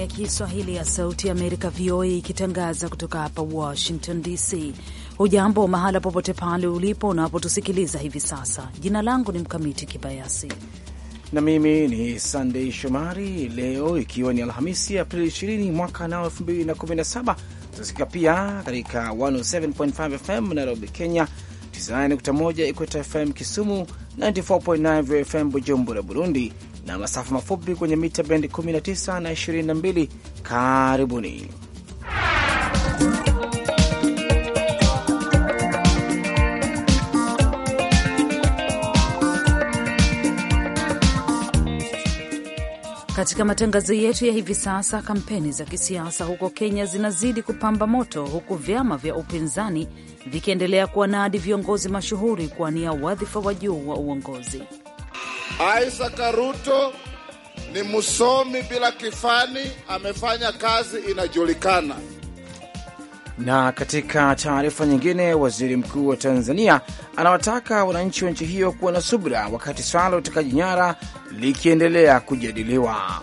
ya Kiswahili ya Sauti ya Amerika, VOA, ikitangaza kutoka hapa Washington DC. Hujambo mahala popote pale ulipo unapotusikiliza hivi sasa. Jina langu ni Mkamiti Kibayasi na mimi ni Sandei Shomari. Leo ikiwa ni Alhamisi, Aprili 20 mwaka nao 2017, tunasikika pia katika 107.5 FM Nairobi, Kenya, 91.1 Ikweta FM Kisumu, 94.9 FM Bujumbura, Burundi, na masafa mafupi kwenye mita bendi 19 na 22. Karibuni. Katika matangazo yetu ya hivi sasa, kampeni za kisiasa huko Kenya zinazidi kupamba moto, huku vyama vya upinzani vikiendelea kuwanadi viongozi mashuhuri kuwania wadhifa wa juu wa uongozi. Isaac Ruto ni msomi bila kifani, amefanya kazi inajulikana. Na katika taarifa nyingine, waziri mkuu wa Tanzania anawataka wananchi wa nchi hiyo kuwa na subira wakati swala la utekaji nyara likiendelea kujadiliwa.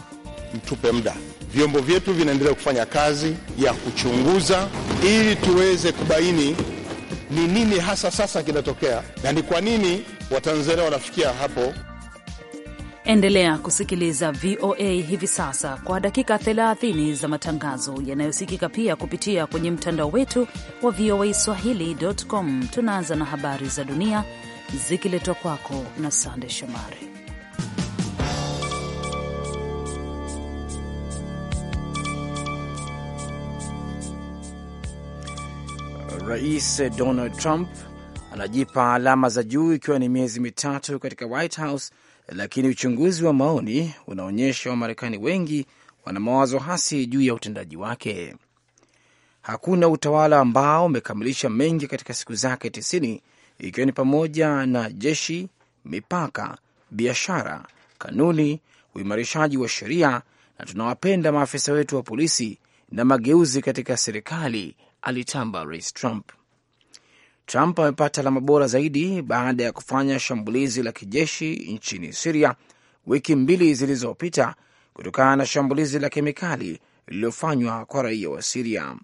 Mtupe muda, vyombo vyetu vinaendelea kufanya kazi ya kuchunguza ili tuweze kubaini ni nini hasa sasa kinatokea na ni kwa nini Watanzania wanafikia hapo Endelea kusikiliza VOA hivi sasa kwa dakika 30 za matangazo yanayosikika pia kupitia kwenye mtandao wetu wa VOA Swahili.com. Tunaanza na habari za dunia zikiletwa kwako na Sande Shomari. Rais Donald Trump anajipa alama za juu ikiwa ni miezi mitatu katika White House lakini uchunguzi wa maoni unaonyesha Wamarekani wengi wana mawazo hasi juu ya utendaji wake. Hakuna utawala ambao umekamilisha mengi katika siku zake tisini, ikiwa ni pamoja na jeshi, mipaka, biashara, kanuni, uimarishaji wa sheria, na tunawapenda maafisa wetu wa polisi na mageuzi katika serikali, alitamba Rais Trump. Trump amepata alama bora zaidi baada ya kufanya shambulizi la kijeshi nchini Siria wiki mbili zilizopita kutokana na shambulizi la kemikali lililofanywa kwa raia wa Siria.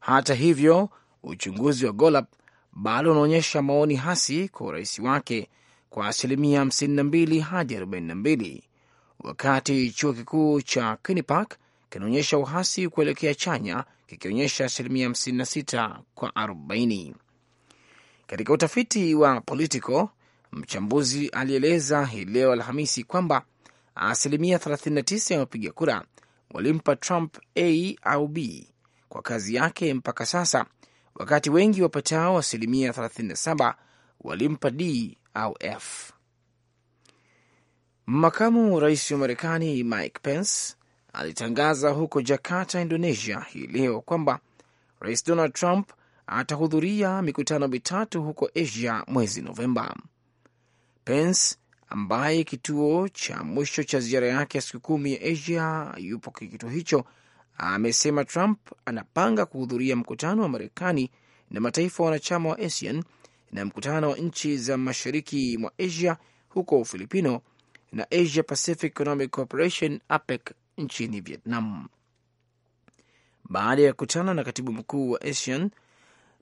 Hata hivyo, uchunguzi wa Gallup bado unaonyesha maoni hasi kwa urais wake kwa asilimia 52 hadi 42, wakati chuo kikuu cha Kinipak kinaonyesha uhasi kuelekea chanya kikionyesha asilimia 56 kwa 40. Katika utafiti wa Politico, mchambuzi alieleza hii leo Alhamisi kwamba asilimia 39 ya wapiga kura walimpa Trump A au B kwa kazi yake mpaka sasa, wakati wengi wapatao asilimia 37 walimpa D au F. Makamu rais wa Marekani Mike Pence alitangaza huko Jakarta, Indonesia, hii leo kwamba rais Donald Trump atahudhuria mikutano mitatu huko Asia mwezi Novemba. Pence ambaye kituo cha mwisho cha ziara yake ya siku kumi ya Asia yupo kituo hicho, amesema Trump anapanga kuhudhuria mkutano wa Marekani na mataifa wanachama wa ASEAN na mkutano wa nchi za mashariki mwa Asia huko Ufilipino na Asia Pacific Economic Cooperation APEC nchini Vietnam. Baada ya kukutana na katibu mkuu wa ASEAN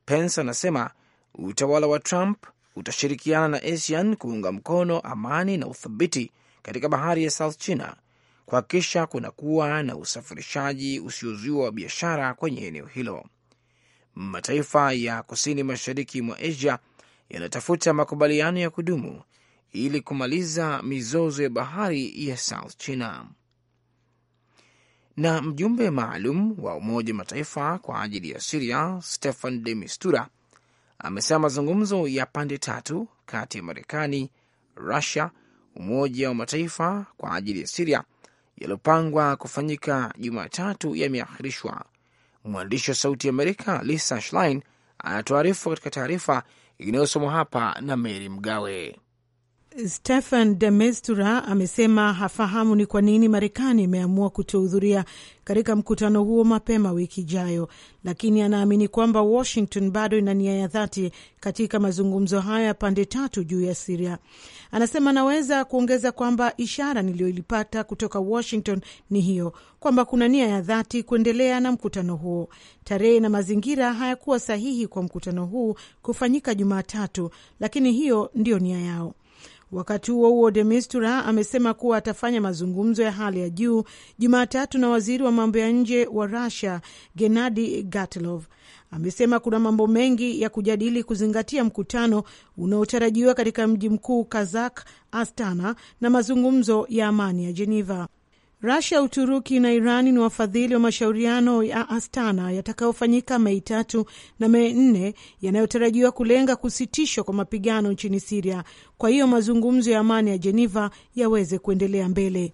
Pence anasema utawala wa Trump utashirikiana na ASEAN kuunga mkono amani na uthabiti katika bahari ya South China, kuhakikisha kuna kuwa na usafirishaji usiozuiwa wa biashara kwenye eneo hilo. Mataifa ya kusini mashariki mwa Asia yanatafuta makubaliano ya kudumu ili kumaliza mizozo ya bahari ya South China na mjumbe maalum wa Umoja Mataifa kwa ajili ya Siria Stefan de Mistura amesema mazungumzo ya pande tatu kati ya Marekani, Rusia, Umoja wa Mataifa kwa ajili ya Siria yaliyopangwa kufanyika Jumatatu yameahirishwa. Mwandishi wa Sauti ya Amerika Lisa Schlein anatoarifu katika taarifa inayosomwa hapa na Mary Mgawe. Stefan de amesema hafahamu ni kwa nini Marekani imeamua kutohudhuria katika mkutano huo mapema wiki ijayo, lakini anaamini kwamba Washington bado ina nia ya dhati katika mazungumzo hayo ya pande tatu juu ya Siria. Anasema anaweza kuongeza kwamba ishara niliyoilipata kutoka Washington ni hiyo kwamba kuna nia ya dhati kuendelea na mkutano huo. Tarehe na mazingira hayakuwa sahihi kwa mkutano huu kufanyika Jumatatu, lakini hiyo ndiyo nia yao. Wakati huo huo, de Mistura amesema kuwa atafanya mazungumzo ya hali ya juu Jumatatu na waziri wa mambo ya nje wa Rusia Gennadi Gatilov. Amesema kuna mambo mengi ya kujadili kuzingatia mkutano unaotarajiwa katika mji mkuu Kazakh Astana na mazungumzo ya amani ya Jeneva. Rasia, Uturuki na Irani ni wafadhili wa mashauriano ya Astana yatakayofanyika Mei tatu na Mei nne yanayotarajiwa kulenga kusitishwa kwa mapigano nchini Siria, kwa hiyo mazungumzo ya amani ya Jeneva yaweze kuendelea mbele.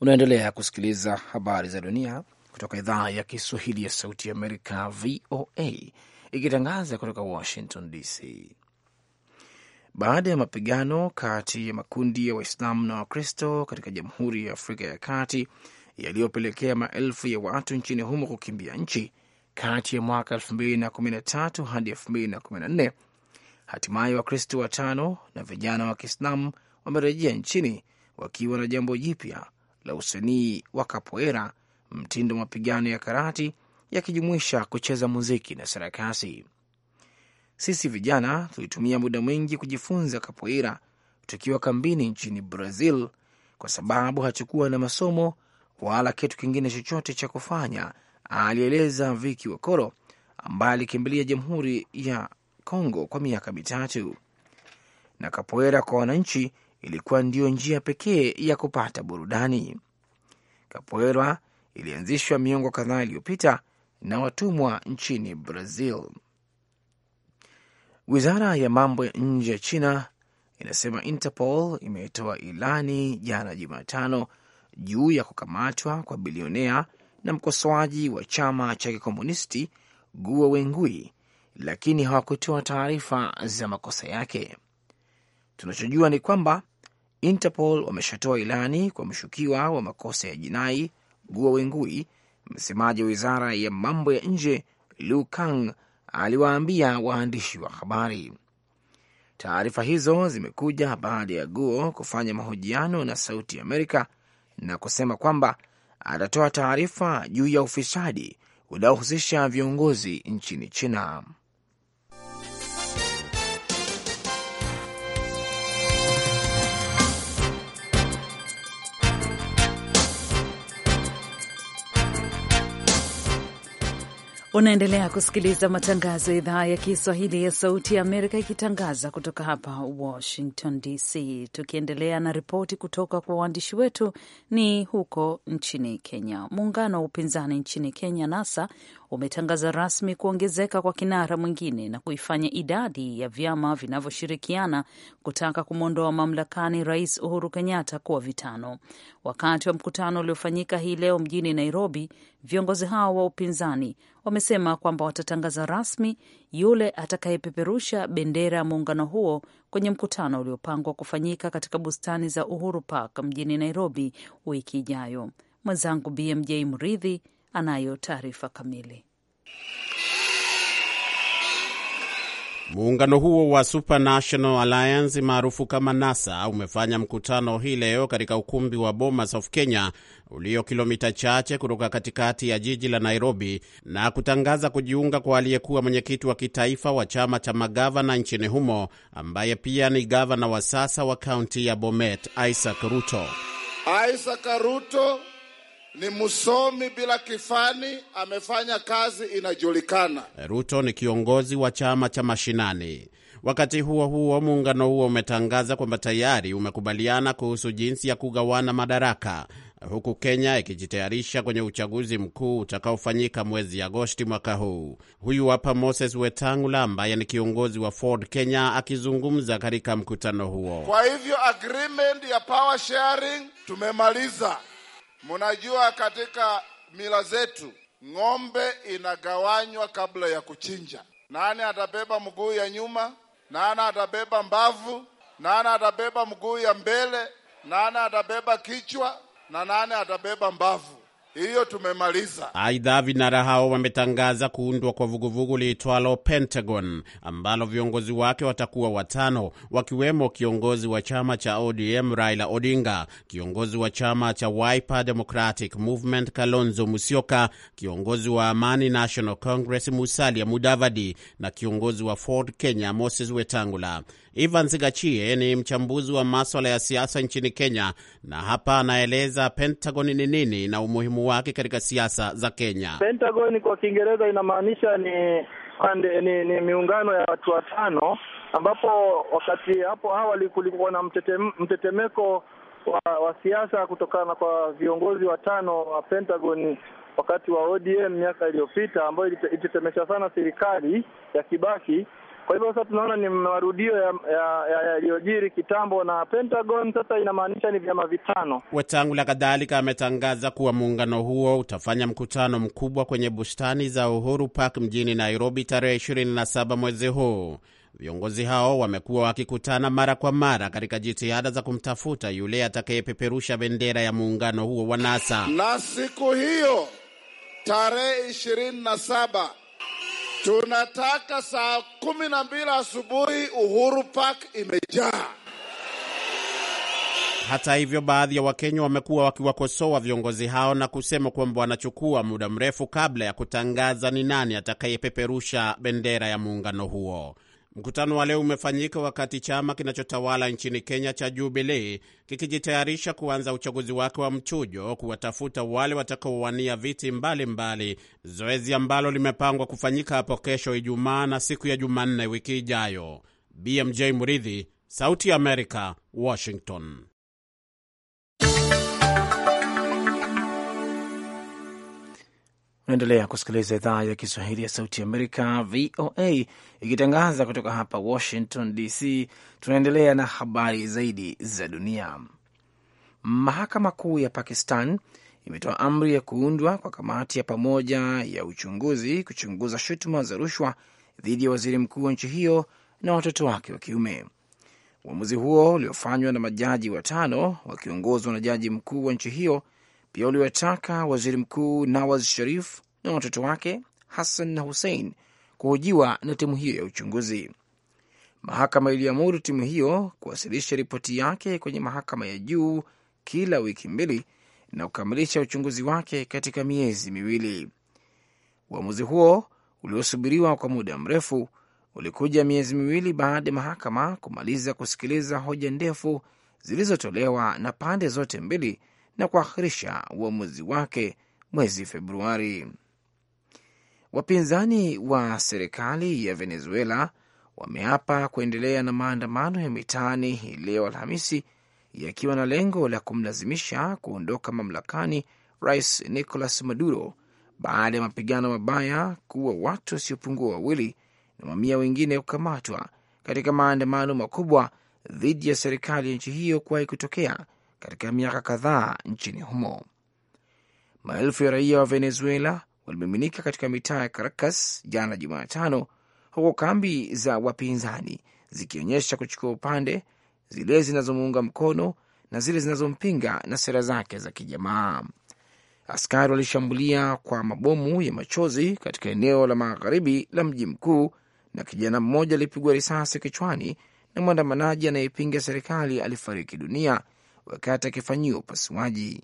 Unaendelea kusikiliza habari za dunia kutoka idhaa ya Kiswahili ya Sauti ya Amerika, VOA, ikitangaza kutoka Washington DC baada ya mapigano kati ya makundi ya Waislamu na Wakristo katika Jamhuri ya Afrika ya Kati yaliyopelekea maelfu ya watu nchini humo kukimbia nchi kati ya mwaka 2013 hadi 2014. Hatimaye Wakristo watano na vijana wa Kiislamu wamerejea nchini wakiwa na jambo jipya la usanii wa kapoera, mtindo wa mapigano ya karati yakijumuisha kucheza muziki na sarakasi. Sisi vijana tulitumia muda mwingi kujifunza kapoira tukiwa kambini nchini Brazil, kwa sababu hatukuwa na masomo wala kitu kingine chochote cha kufanya, alieleza Viki Wakoro ambaye alikimbilia Jamhuri ya Kongo kwa miaka mitatu. Na kapoera kwa wananchi ilikuwa ndiyo njia pekee ya kupata burudani. Kapoera ilianzishwa miongo kadhaa iliyopita na watumwa nchini Brazil. Wizara ya mambo ya nje ya China inasema Interpol imetoa ilani jana Jumatano juu ya kukamatwa kwa bilionea na mkosoaji wa chama cha kikomunisti Guo Wengui, lakini hawakutoa taarifa za makosa yake. Tunachojua ni kwamba Interpol wameshatoa ilani kwa mshukiwa wa makosa ya jinai Guo Wengui, msemaji wa wizara ya mambo ya nje Lu Kang aliwaambia waandishi wa habari. Taarifa hizo zimekuja baada ya Guo kufanya mahojiano na Sauti Amerika na kusema kwamba atatoa taarifa juu ya ufisadi unaohusisha viongozi nchini China. Unaendelea kusikiliza matangazo ya idhaa ya Kiswahili ya Sauti ya Amerika ikitangaza kutoka hapa Washington DC. Tukiendelea na ripoti kutoka kwa waandishi wetu, ni huko nchini Kenya. Muungano wa upinzani nchini Kenya, NASA, umetangaza rasmi kuongezeka kwa kinara mwingine na kuifanya idadi ya vyama vinavyoshirikiana kutaka kumwondoa mamlakani Rais Uhuru Kenyatta kuwa vitano. Wakati wa mkutano uliofanyika hii leo mjini Nairobi, viongozi hao wa upinzani wamesema kwamba watatangaza rasmi yule atakayepeperusha bendera ya muungano huo kwenye mkutano uliopangwa kufanyika katika bustani za Uhuru Park mjini Nairobi wiki ijayo. Mwenzangu BMJ Mridhi anayo taarifa kamili. Muungano huo wa Supranational Alliance maarufu kama NASA umefanya mkutano hii leo katika ukumbi wa Bomas of Kenya ulio kilomita chache kutoka katikati ya jiji la Nairobi na kutangaza kujiunga kwa aliyekuwa mwenyekiti wa kitaifa wa chama cha magavana nchini humo ambaye pia ni gavana wa sasa wa kaunti ya Bomet, Isaac Ruto. Isaac Ruto ni msomi bila kifani, amefanya kazi inajulikana. Eh, Ruto ni kiongozi wa chama cha mashinani. Wakati huo huo, muungano huo umetangaza kwamba tayari umekubaliana kuhusu jinsi ya kugawana madaraka, huku Kenya ikijitayarisha kwenye uchaguzi mkuu utakaofanyika mwezi Agosti mwaka huu. Huyu hapa Moses Wetangula ambaye ni kiongozi wa Ford Kenya akizungumza katika mkutano huo. Kwa hivyo agreement ya power sharing tumemaliza. Mnajua katika mila zetu ng'ombe inagawanywa kabla ya kuchinja. Nani atabeba mguu ya nyuma, nani atabeba mbavu, nani atabeba mguu ya mbele, nani atabeba kichwa na nani atabeba mbavu hiyo tumemaliza. Aidha, vinara hao wametangaza kuundwa kwa vuguvugu liitwalo Pentagon ambalo viongozi wake watakuwa watano, wakiwemo kiongozi wa chama cha ODM Raila Odinga, kiongozi wa chama cha Wiper Democratic Movement Kalonzo Musyoka, kiongozi wa Amani National Congress Musalia Mudavadi na kiongozi wa Ford Kenya Moses Wetangula. Evans Gachie ni mchambuzi wa maswala ya siasa nchini Kenya, na hapa anaeleza Pentagon ni nini na umuhimu wake katika siasa za Kenya. Pentagon kwa Kiingereza inamaanisha ni ni, ni, ni miungano ya watu watano, ambapo wakati hapo awali kulikuwa na mtetem, mtetemeko wa, wa siasa kutokana kwa viongozi watano wa Pentagon wakati wa ODM miaka iliyopita, ambayo ilitetemesha sana serikali ya Kibaki kwa hivyo sasa tunaona ni marudio yaliyojiri ya, ya, ya kitambo na Pentagon sasa inamaanisha ni vyama vitano. Wetangula kadhalika ametangaza kuwa muungano huo utafanya mkutano mkubwa kwenye bustani za Uhuru Park mjini Nairobi tarehe saba mwezi huu. Viongozi hao wamekuwa wakikutana mara kwa mara katika jitihada za kumtafuta yule atakayepeperusha bendera ya muungano huo wa NASA, na siku hiyo tarehe 27 Tunataka saa kumi na mbili asubuhi Uhuru Park imejaa. Hata hivyo, baadhi ya Wakenya wamekuwa wakiwakosoa viongozi hao na kusema kwamba wanachukua muda mrefu kabla ya kutangaza ni nani atakayepeperusha bendera ya muungano huo. Mkutano wa leo umefanyika wakati chama kinachotawala nchini Kenya cha Jubilee kikijitayarisha kuanza uchaguzi wake wa mchujo kuwatafuta wale watakaowania viti mbalimbali mbali, zoezi ambalo limepangwa kufanyika hapo kesho Ijumaa na siku ya Jumanne wiki ijayo. BMJ Muridhi, Sauti ya Amerika, Washington. Unaendelea kusikiliza idhaa ya Kiswahili ya Sauti Amerika, VOA, ikitangaza kutoka hapa Washington DC. Tunaendelea na habari zaidi za dunia. Mahakama Kuu ya Pakistan imetoa amri ya kuundwa kwa kamati ya pamoja ya uchunguzi kuchunguza shutuma za rushwa dhidi ya waziri mkuu wa nchi hiyo na watoto wake wa kiume. Uamuzi huo uliofanywa na majaji watano wakiongozwa na jaji mkuu wa nchi hiyo pia uliwataka waziri mkuu Nawaz Sharif na watoto wake Hassan na Hussein kuhojiwa na timu hiyo ya uchunguzi. Mahakama iliamuru timu hiyo kuwasilisha ripoti yake kwenye mahakama ya juu kila wiki mbili na kukamilisha uchunguzi wake katika miezi miwili. Uamuzi huo uliosubiriwa kwa muda mrefu ulikuja miezi miwili baada ya mahakama kumaliza kusikiliza hoja ndefu zilizotolewa na pande zote mbili na kuahirisha uamuzi wake mwezi Februari. Wapinzani wa serikali ya Venezuela wameapa kuendelea na maandamano ya mitaani hii leo Alhamisi, yakiwa na lengo la kumlazimisha kuondoka mamlakani Rais Nicolas Maduro baada ya mapigano mabaya kuwa watu wasiopungua wawili na mamia wengine kukamatwa katika maandamano makubwa dhidi ya serikali ya nchi hiyo kuwahi kutokea katika miaka kadhaa nchini humo. Maelfu ya raia wa Venezuela walimiminika katika mitaa ya Caracas jana Jumatano, huku kambi za wapinzani zikionyesha kuchukua upande, zile zinazomuunga mkono na zile zinazompinga na sera zake za kijamaa. Askari walishambulia kwa mabomu ya machozi katika eneo la magharibi la mji mkuu, na kijana mmoja alipigwa risasi kichwani, na mwandamanaji anayepinga serikali alifariki dunia wakati akifanyiwa upasuaji.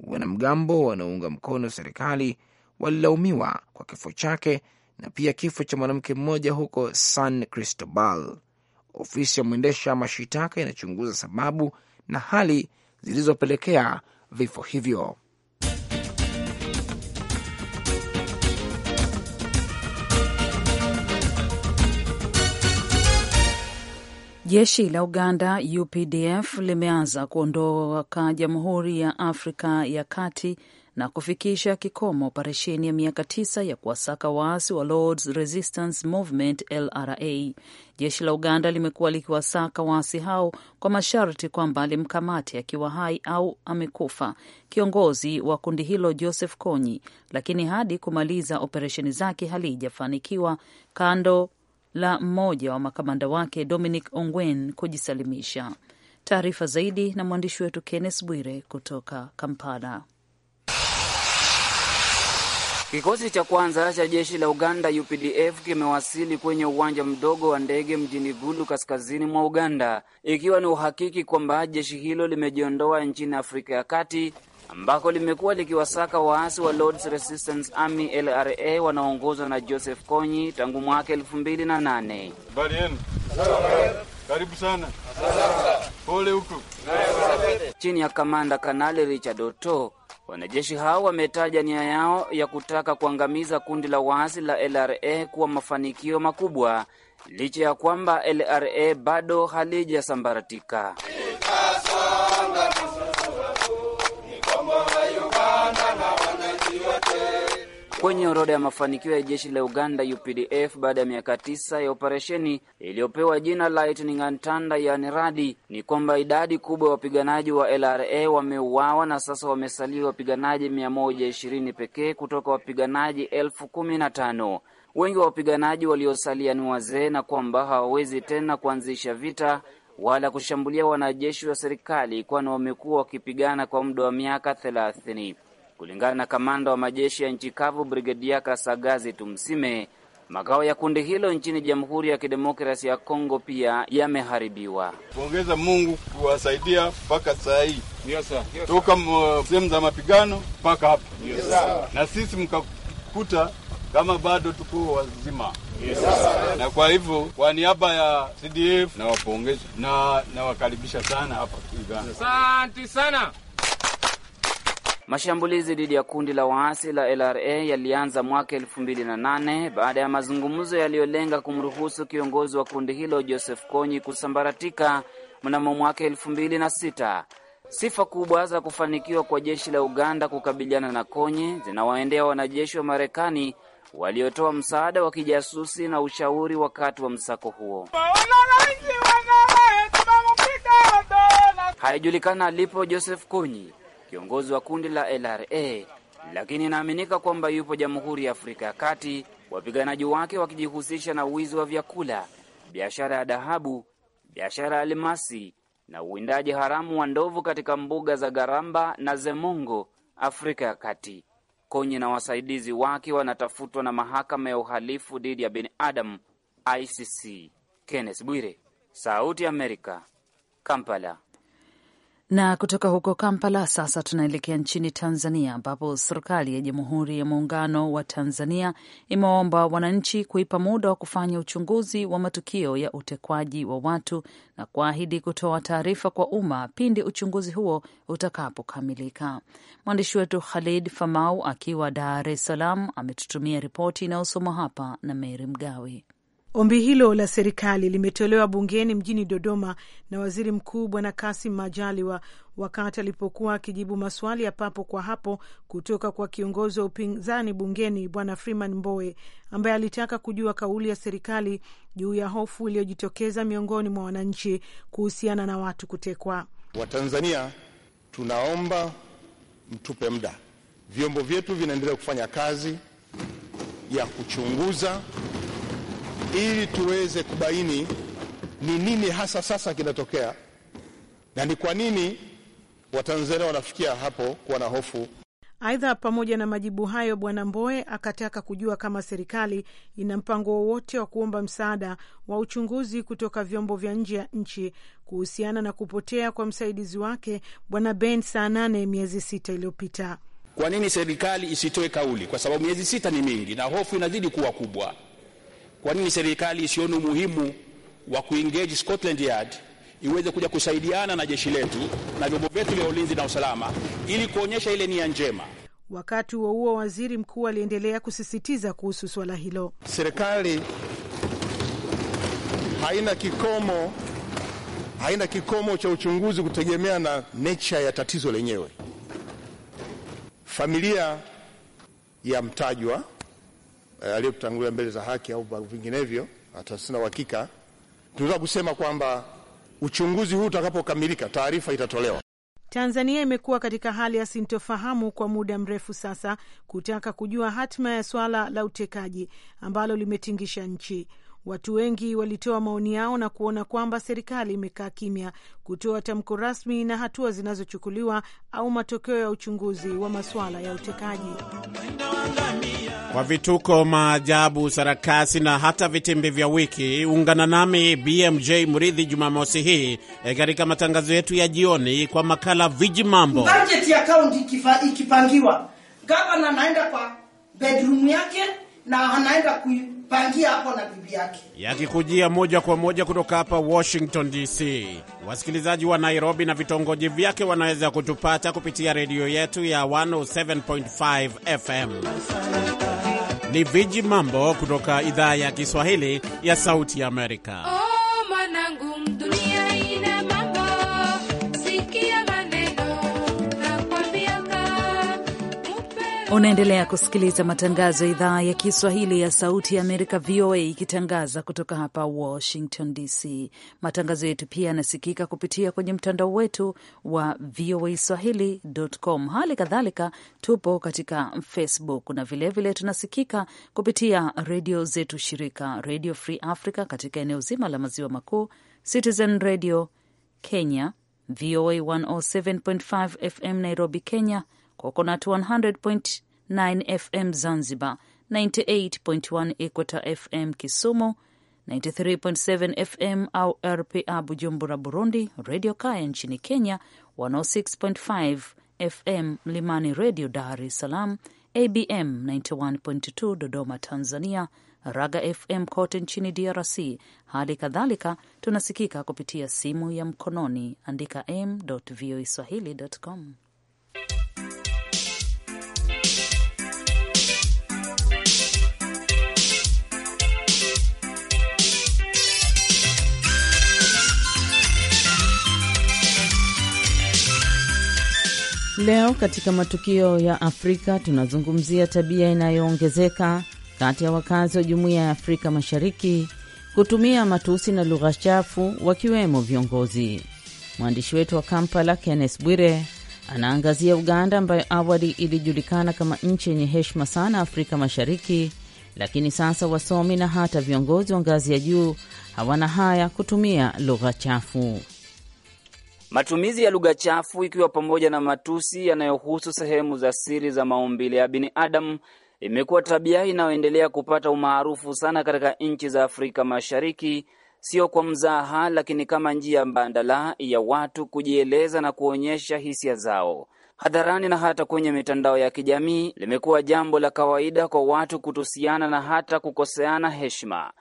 Wanamgambo wanaounga mkono serikali walilaumiwa kwa kifo chake na pia kifo cha mwanamke mmoja huko San Cristobal. Ofisi ya mwendesha mashitaka inachunguza sababu na hali zilizopelekea vifo hivyo. Jeshi la Uganda UPDF limeanza kuondoka Jamhuri ya Afrika ya Kati na kufikisha kikomo operesheni ya miaka tisa ya kuwasaka waasi wa Lords Resistance Movement LRA. Jeshi la Uganda limekuwa likiwasaka waasi hao kwa masharti kwamba limkamate akiwa hai au amekufa kiongozi wa kundi hilo Joseph Kony, lakini hadi kumaliza operesheni zake halijafanikiwa, kando la mmoja wa makamanda wake Dominic Ongwen kujisalimisha. Taarifa zaidi na mwandishi wetu Kennes Bwire kutoka Kampala. Kikosi cha kwanza cha jeshi la Uganda UPDF kimewasili kwenye uwanja mdogo wa ndege mjini Gulu kaskazini mwa Uganda, ikiwa ni uhakiki kwamba jeshi hilo limejiondoa nchini Afrika ya Kati ambako limekuwa likiwasaka waasi wa Lords Resistance Army LRA wanaoongozwa na Joseph Kony tangu mwaka 2008. Habari yenu? Karibu sana. Pole huko. Chini ya kamanda Kanali Richard Oto, wanajeshi hao wametaja nia yao ya kutaka kuangamiza kundi la waasi la LRA kuwa mafanikio makubwa licha ya kwamba LRA bado halijasambaratika. kwenye orodha ya mafanikio ya jeshi la Uganda UPDF baada ya miaka tisa ya operesheni iliyopewa jina Lightning and Thunder, yani radi, ni kwamba idadi kubwa ya wapiganaji wa LRA wameuawa na sasa wamesalia wapiganaji 120 pekee kutoka wapiganaji elfu kumi na tano. Wengi wa wapiganaji waliosalia ni wazee na kwamba hawawezi tena kuanzisha vita wala kushambulia wanajeshi wa serikali kwani wamekuwa wakipigana kwa muda wa miaka thelathini. Kulingana na kamanda wa majeshi ya nchi kavu Brigedia Kasagazi Tumsime, makao ya kundi hilo nchini Jamhuri ya Kidemokrasi ya Kongo pia yameharibiwa. Kuongeza Mungu kuwasaidia mpaka saa hii toka sehemu za mapigano mpaka hapa, na sisi mkakuta kama bado tuko wazima yes. Na kwa hivyo kwa niaba ya CDF nawapongeza na nawakaribisha sana hapa Uganda. Asante sana. Mashambulizi dhidi ya kundi la waasi la LRA yalianza mwaka 2008 baada ya mazungumzo yaliyolenga kumruhusu kiongozi wa kundi hilo Joseph Kony kusambaratika mnamo mwaka sita Sifa kubwa za kufanikiwa kwa jeshi la Uganda kukabiliana na Konyi zinawaendea wanajeshi wa Marekani waliotoa msaada wa kijasusi na ushauri wakati wa msako huo. Haijulikana alipo Joseph Konyi kiongozi wa kundi la LRA, lakini inaaminika kwamba yupo Jamhuri ya Afrika ya Kati, wapiganaji wake wakijihusisha na uwizi wa vyakula, biashara ya dhahabu, biashara ya almasi na uwindaji haramu wa ndovu katika mbuga za Garamba na Zemongo, Afrika ya Kati. konye na wasaidizi wake wanatafutwa na mahakama ya uhalifu dhidi ya binadamu ICC. Kenneth Bwire, Sauti ya Amerika, Kampala. Na kutoka huko Kampala sasa tunaelekea nchini Tanzania, ambapo serikali ya Jamhuri ya Muungano wa Tanzania imewaomba wananchi kuipa muda wa kufanya uchunguzi wa matukio ya utekwaji wa watu na kuahidi kutoa taarifa kwa umma pindi uchunguzi huo utakapokamilika. Mwandishi wetu Khalid Famau akiwa Dar es Salaam ametutumia ripoti inayosomwa hapa na Meri Mgawe. Ombi hilo la serikali limetolewa bungeni mjini Dodoma na Waziri Mkuu Bwana Kasim Majaliwa wakati alipokuwa akijibu maswali ya papo kwa hapo kutoka kwa kiongozi wa upinzani bungeni Bwana Freeman Mbowe ambaye alitaka kujua kauli ya serikali juu ya hofu iliyojitokeza miongoni mwa wananchi kuhusiana na watu kutekwa. Watanzania, tunaomba mtupe muda. Vyombo vyetu vinaendelea kufanya kazi ya kuchunguza ili tuweze kubaini ni nini hasa sasa kinatokea na ni kwa nini Watanzania wanafikia hapo kuwa na hofu. Aidha, pamoja na majibu hayo, Bwana Mboe akataka kujua kama serikali ina mpango wowote wa kuomba msaada wa uchunguzi kutoka vyombo vya nje ya nchi kuhusiana na kupotea kwa msaidizi wake Bwana Ben saa nane miezi sita iliyopita. Kwa nini serikali isitoe kauli? Kwa sababu miezi sita ni mingi na hofu inazidi kuwa kubwa. Kwa nini serikali isione umuhimu wa kuengage Scotland Yard iweze kuja kusaidiana na jeshi letu na vyombo vyetu vya ulinzi na usalama ili kuonyesha ile nia njema. Wakati huo huo, waziri mkuu aliendelea kusisitiza kuhusu suala hilo. Serikali haina kikomo, haina kikomo cha uchunguzi kutegemea na nature ya tatizo lenyewe. Familia ya mtajwa Eh, aliyotangulia mbele za haki au vinginevyo, hata sina uhakika. Tunaweza kusema kwamba uchunguzi huu utakapokamilika, taarifa itatolewa. Tanzania imekuwa katika hali ya sintofahamu kwa muda mrefu sasa, kutaka kujua hatima ya swala la utekaji ambalo limetingisha nchi. Watu wengi walitoa maoni yao na kuona kwamba serikali imekaa kimya kutoa tamko rasmi na hatua zinazochukuliwa au matokeo ya uchunguzi wa masuala ya utekaji. Kwa vituko, maajabu, sarakasi na hata vitimbi vya wiki, ungana nami BMJ Mridhi Jumamosi hii eh, katika matangazo yetu ya jioni kwa makala Viji Mambo. Bajeti ya kaunti ikipangiwa, gavana anaenda kwa bedroom yake na anaenda kuipangia hapo na bibi yake. Yakikujia moja kwa moja kutoka hapa Washington DC. Wasikilizaji wa Nairobi na vitongoji vyake wanaweza kutupata kupitia redio yetu ya 107.5 FM. Ni viji mambo kutoka idhaa ya Kiswahili ya Sauti ya Amerika. Oh, Unaendelea kusikiliza matangazo ya idhaa ya Kiswahili ya Sauti ya Amerika, VOA, ikitangaza kutoka hapa Washington DC. Matangazo yetu pia yanasikika kupitia kwenye mtandao wetu wa VOA Swahili.com. Hali kadhalika tupo katika Facebook na vilevile tunasikika kupitia redio zetu shirika, Redio Free Africa katika eneo zima la maziwa makuu, Citizen Radio Kenya, VOA 107.5 FM Nairobi, Kenya, Coconut 100.9 FM Zanzibar, 98.1 Equator FM Kisumu, 93.7 FM au RPA Bujumbura, Burundi, Radio Kaya nchini Kenya, 106.5 FM Mlimani Radio Dar es Salaam, ABM 91.2 Dodoma, Tanzania, Raga FM kote nchini DRC. Hali kadhalika tunasikika kupitia simu ya mkononi, andika m swahili.com. Leo katika matukio ya Afrika tunazungumzia tabia inayoongezeka kati ya wakazi wa jumuiya ya Afrika Mashariki kutumia matusi na lugha chafu wakiwemo viongozi. Mwandishi wetu wa Kampala, Kenneth Bwire, anaangazia Uganda ambayo awali ilijulikana kama nchi yenye heshima sana Afrika Mashariki, lakini sasa wasomi na hata viongozi wa ngazi ya juu hawana haya kutumia lugha chafu. Matumizi ya lugha chafu ikiwa pamoja na matusi yanayohusu sehemu za siri za maumbile ya binadamu imekuwa tabia inayoendelea kupata umaarufu sana katika nchi za Afrika Mashariki, sio kwa mzaha, lakini kama njia mbadala ya watu kujieleza na kuonyesha hisia zao hadharani na hata kwenye mitandao ya kijamii. Limekuwa jambo la kawaida kwa watu kutusiana na hata kukoseana heshima.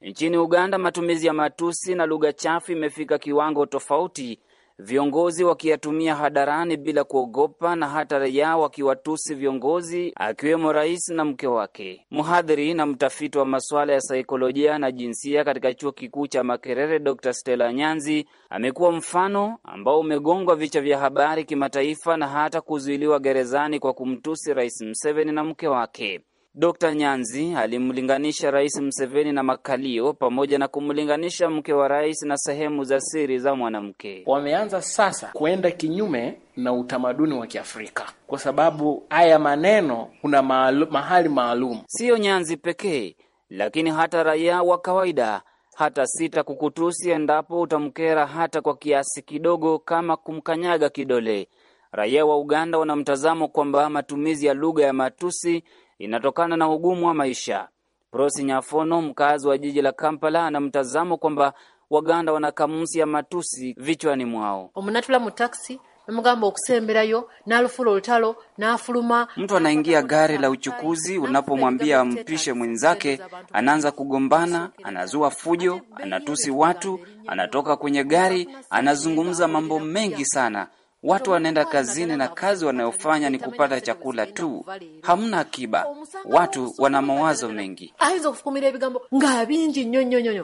Nchini Uganda, matumizi ya matusi na lugha chafu imefika kiwango tofauti viongozi wakiyatumia hadharani bila kuogopa, na hata raia wakiwatusi viongozi, akiwemo rais na mke wake. Mhadhiri na mtafiti wa masuala ya saikolojia na jinsia katika chuo kikuu cha Makerere, Dr Stella Nyanzi amekuwa mfano ambao umegongwa vichwa vya habari kimataifa na hata kuzuiliwa gerezani kwa kumtusi Rais mseveni na mke wake. Dr Nyanzi alimlinganisha Rais mseveni na makalio pamoja na kumlinganisha mke wa rais na sehemu za siri za mwanamke. Wameanza sasa kuenda kinyume na utamaduni wa Kiafrika kwa sababu haya maneno kuna maalu, mahali maalum. Siyo Nyanzi pekee, lakini hata raia wa kawaida hata sita kukutusi endapo utamkera hata kwa kiasi kidogo kama kumkanyaga kidole. Raia wa Uganda wana mtazamo kwamba matumizi ya lugha ya matusi inatokana na ugumu wa maisha. Prosi Nyafono, mkazi wa jiji la Kampala, ana mtazamo kwamba Waganda wana kamusi ya matusi vichwani mwao. omunatula mu taxi namugamba okusemberayo n'alufula olutalo n'afuluma. Mtu anaingia gari la uchukuzi, unapomwambia mpishe mwenzake, anaanza kugombana, anazua fujo, anatusi watu, anatoka kwenye gari, anazungumza mambo mengi sana Watu wanaenda kazini na kazi wanayofanya ni kupata chakula tu, hamna akiba. Watu wana mawazo mengi.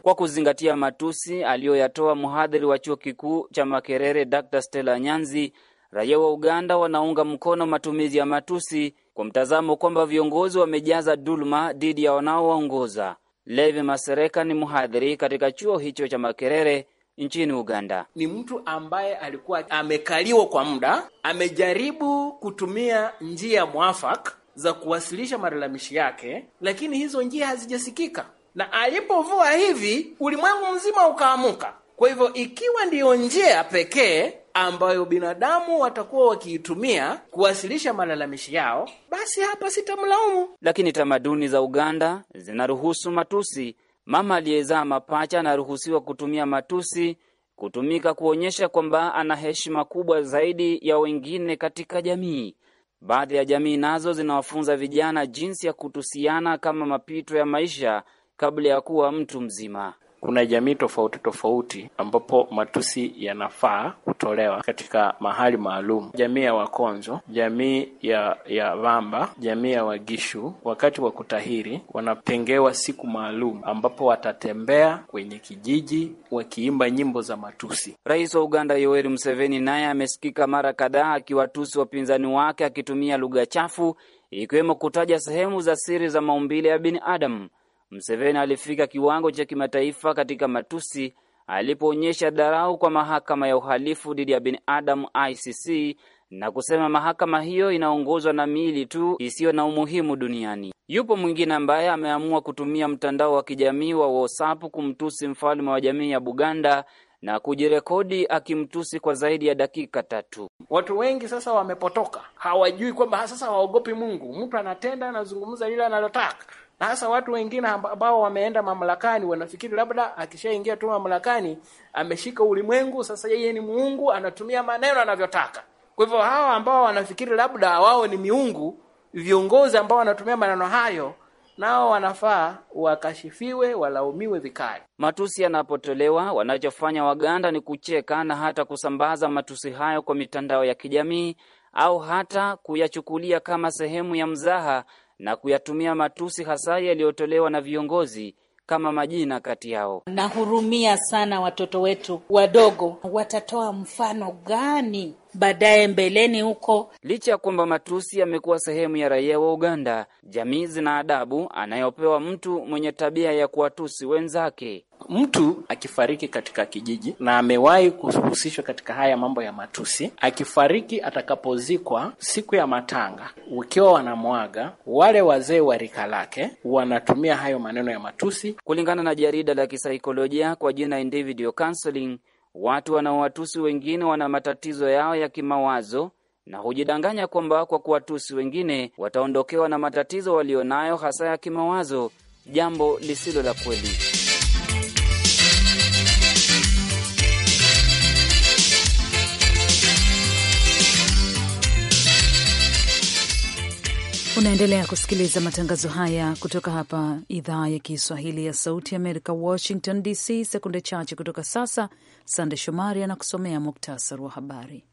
Kwa kuzingatia matusi aliyoyatoa mhadhiri wa chuo kikuu cha Makerere Dr. Stella Nyanzi, raia wa Uganda wanaunga mkono matumizi ya matusi kwa mtazamo kwamba viongozi wamejaza dhuluma dhidi ya wanaowaongoza. Levi Masereka ni mhadhiri katika chuo hicho cha Makerere nchini Uganda. Ni mtu ambaye alikuwa amekaliwa kwa muda, amejaribu kutumia njia mwafaka za kuwasilisha malalamishi yake, lakini hizo njia hazijasikika, na alipovua hivi ulimwengu mzima ukaamuka. Kwa hivyo ikiwa ndiyo njia pekee ambayo binadamu watakuwa wakiitumia kuwasilisha malalamishi yao, basi hapa sitamlaumu. Lakini tamaduni za Uganda zinaruhusu matusi Mama aliyezaa mapacha anaruhusiwa kutumia matusi kutumika kuonyesha kwamba ana heshima kubwa zaidi ya wengine katika jamii. Baadhi ya jamii nazo zinawafunza vijana jinsi ya kutusiana kama mapito ya maisha kabla ya kuwa mtu mzima. Kuna jamii tofauti tofauti ambapo matusi yanafaa kutolewa katika mahali maalum: jamii ya Wakonzo, jamii ya ya Vamba, jamii ya Wagishu. Wakati wa kutahiri, wanatengewa siku maalum ambapo watatembea kwenye kijiji wakiimba nyimbo za matusi. Rais wa Uganda Yoweri Museveni naye amesikika mara kadhaa akiwatusi wapinzani wake akitumia lugha chafu, ikiwemo kutaja sehemu za siri za maumbile ya binadamu mseveni alifika kiwango cha kimataifa katika matusi alipoonyesha dharau kwa mahakama ya uhalifu dhidi ya binadamu ICC na kusema mahakama hiyo inaongozwa na miili tu isiyo na umuhimu duniani. Yupo mwingine ambaye ameamua kutumia mtandao wa kijamii wa WhatsApp kumtusi mfalme wa jamii ya Buganda na kujirekodi akimtusi kwa zaidi ya dakika tatu. Watu wengi sasa wamepotoka, hawajui kwamba sasa, waogopi Mungu. Mtu anatenda anazungumza lile analotaka. Na hasa watu wengine ambao wameenda mamlakani wanafikiri labda akishaingia tu mamlakani ameshika ulimwengu, sasa yeye ni Mungu, anatumia maneno anavyotaka. Kwa hivyo hawa ambao wanafikiri labda wao ni miungu, viongozi ambao wanatumia maneno hayo nao wanafaa wakashifiwe, walaumiwe vikali. Matusi yanapotolewa, wanachofanya Waganda ni kucheka na hata kusambaza matusi hayo kwa mitandao ya kijamii au hata kuyachukulia kama sehemu ya mzaha na kuyatumia matusi hasa yaliyotolewa na viongozi kama majina kati yao. Nahurumia sana watoto wetu wadogo, watatoa mfano gani baadaye mbeleni huko? Licha ya kwamba matusi yamekuwa sehemu ya raia wa Uganda, jamii zina adabu anayopewa mtu mwenye tabia ya kuwatusi wenzake mtu akifariki katika kijiji na amewahi kuhusishwa katika haya mambo ya matusi, akifariki atakapozikwa siku ya matanga, ukiwa wanamwaga, wale wazee wa rika lake wanatumia hayo maneno ya matusi. Kulingana na jarida la kisaikolojia kwa jina Individual Counseling, watu wanaowatusi wengine wana matatizo yao ya kimawazo na hujidanganya kwamba kwa kuwatusi wengine wataondokewa na matatizo walionayo hasa ya kimawazo, jambo lisilo la kweli. Unaendelea kusikiliza matangazo haya kutoka hapa idhaa ya Kiswahili ya Sauti ya Amerika, Washington DC. Sekunde chache kutoka sasa, Sande Shomari anakusomea muktasari wa habari.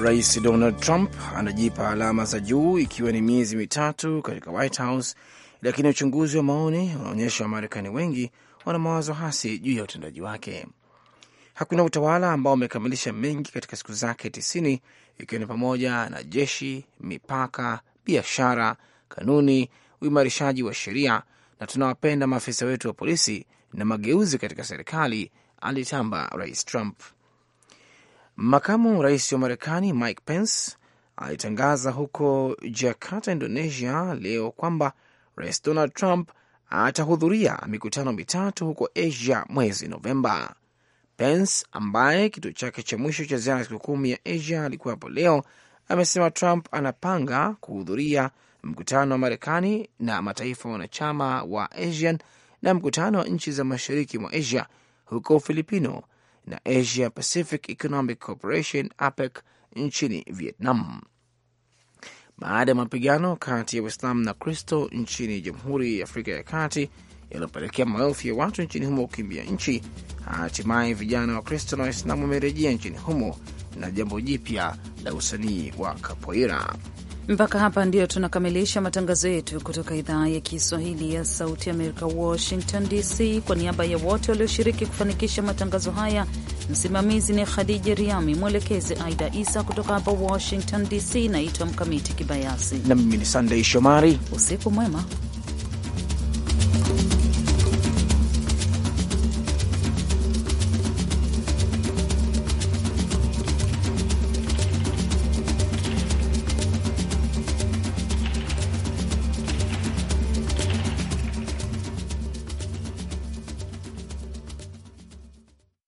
Rais Donald Trump anajipa alama za juu ikiwa ni miezi mitatu katika White House, lakini uchunguzi wa maoni unaonyesha Wamarekani wengi wana mawazo hasi juu ya utendaji wake. Hakuna utawala ambao umekamilisha mengi katika siku zake tisini, ikiwa ni pamoja na jeshi, mipaka, biashara, kanuni, uimarishaji wa sheria, na tunawapenda maafisa wetu wa polisi na mageuzi katika serikali, alitamba Rais Trump. Makamu rais wa Marekani Mike Pence alitangaza huko Jakarta, Indonesia leo kwamba Rais Donald Trump atahudhuria mikutano mitatu huko Asia mwezi Novemba. Pence ambaye kituo chake cha mwisho cha ziara ya siku kumi ya Asia alikuwa hapo leo, amesema Trump anapanga kuhudhuria mkutano wa Marekani na mataifa wanachama wa ASEAN na mkutano wa nchi za mashariki mwa Asia huko filipino na Asia Pacific Economic Cooperation APEC nchini Vietnam baada ya mapigano kati ya Waislamu na Kristo nchini Jamhuri ya Afrika ya Kati yaliyopelekea maelfu ya watu nchini humo kukimbia nchi. Hatimaye vijana wa Kristo na Waislamu wamerejea nchini humo na jambo jipya la usanii wa kapoira. Mpaka hapa ndio tunakamilisha matangazo yetu kutoka idhaa ya Kiswahili ya Sauti Amerika, Washington DC. Kwa niaba ya wote walioshiriki kufanikisha matangazo haya, msimamizi ni Khadija Riami, mwelekezi Aida Isa. Kutoka hapa Washington DC, naitwa Mkamiti Kibayasi na mimi ni Sandei Shomari. Usiku mwema.